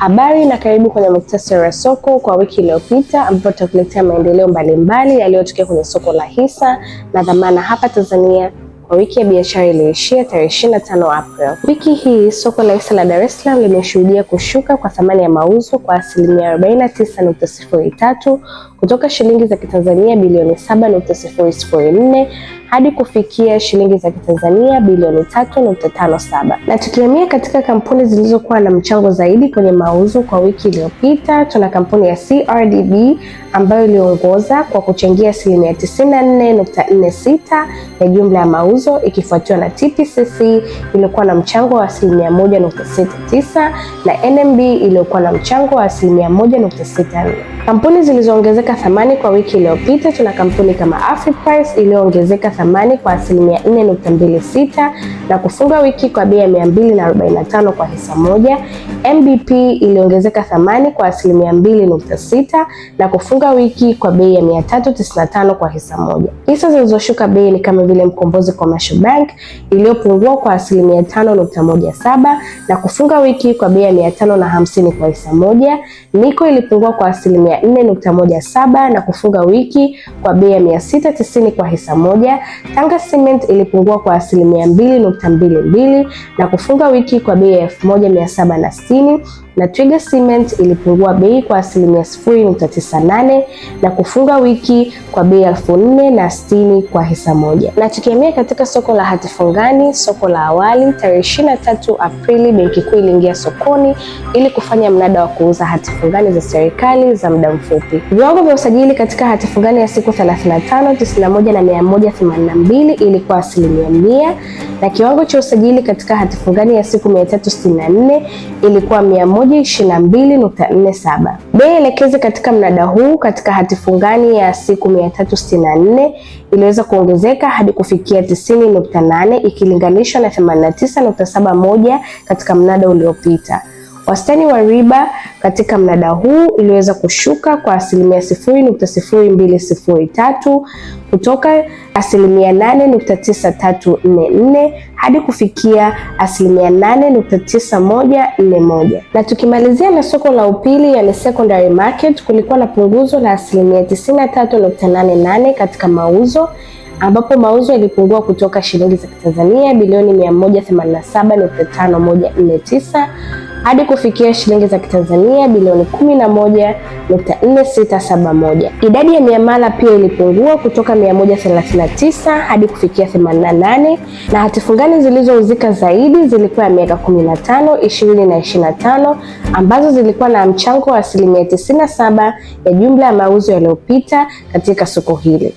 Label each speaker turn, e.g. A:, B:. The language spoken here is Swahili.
A: Habari na karibu kwenye muktasari wa soko kwa wiki iliyopita, ambapo tutakuletea maendeleo mbalimbali yaliyotokea kwenye soko la hisa na dhamana hapa Tanzania kwa wiki ya biashara iliyoishia tarehe 25 April. Wiki hii soko la hisa la Dar es Salaam limeshuhudia kushuka kwa thamani ya mauzo kwa asilimia 49.03 kutoka shilingi za Kitanzania bilioni 7.004 hadi kufikia shilingi za Kitanzania bilioni tatu nukta tano saba. Na tukiamia katika kampuni zilizokuwa na mchango zaidi kwenye mauzo kwa wiki iliyopita, tuna kampuni ya CRDB ambayo iliongoza kwa kuchangia asilimia 94.46 ya jumla ya mauzo ikifuatiwa na TPCC iliyokuwa na mchango wa asilimia 1.69 na NMB iliyokuwa na mchango wa asilimia 1.64. Kampuni zilizoongezeka thamani kwa wiki iliyopita, tuna kampuni kama Afriprice iliyoongezeka thamani kwa asilimia 4.26 na kufunga wiki kwa bei ya 245 kwa hisa moja. MBP iliongezeka thamani kwa asilimia 2.6 na kufunga wiki kwa bei ya 395 kwa hisa moja. Hisa zilizoshuka bei ni kama vile Mkombozi Commercial Bank iliyopungua kwa asilimia 5.17 na kufunga wiki kwa bei ya 550 kwa hisa moja. Niko ilipungua kwa asilimia 4.17 na kufunga wiki kwa bei ya 690 kwa hisa moja. Tanga Cement ilipungua kwa asilimia mbili nukta mbili mbili na kufunga wiki kwa bei ya elfu moja mia saba na na Twiga Cement ilipungua bei kwa asilimia 0.98 na kufunga wiki kwa bei elfu nne na sitini kwa hisa moja. Na tukiamia katika soko la hatifungani, soko la awali, tarehe 23 Aprili Benki Kuu iliingia sokoni ili kufanya mnada wa kuuza hatifungani za serikali za muda mfupi. Viwango vya usajili katika hatifungani ya siku 35, 91 na 182 ilikuwa asilimia 100 na kiwango cha usajili katika hatifungani ya siku 364 ilikuwa 100 saba. Bei elekezi katika mnada huu katika hati fungani ya siku nne iliweza kuongezeka hadi kufikia nane ikilinganishwa na 89.71 katika mnada uliopita. Wastani wa riba katika mnada huu iliweza kushuka kwa asilimia tatu kutoka asilimia 8.9344 hadi kufikia asilimia 8.9141. Na tukimalizia na soko la upili, yani secondary market, kulikuwa na punguzo la asilimia 93.88 katika mauzo ambapo mauzo yalipungua kutoka shilingi za Kitanzania bilioni 187.5149 hadi kufikia shilingi za Kitanzania bilioni 11.4671. Idadi ya miamala pia ilipungua kutoka 139 hadi kufikia 88, na hatifungani zilizouzika zaidi zilikuwa ya miaka 15, 20 na 25 ambazo zilikuwa na mchango wa asilimia 97 ya jumla ya mauzo yaliyopita katika soko hili.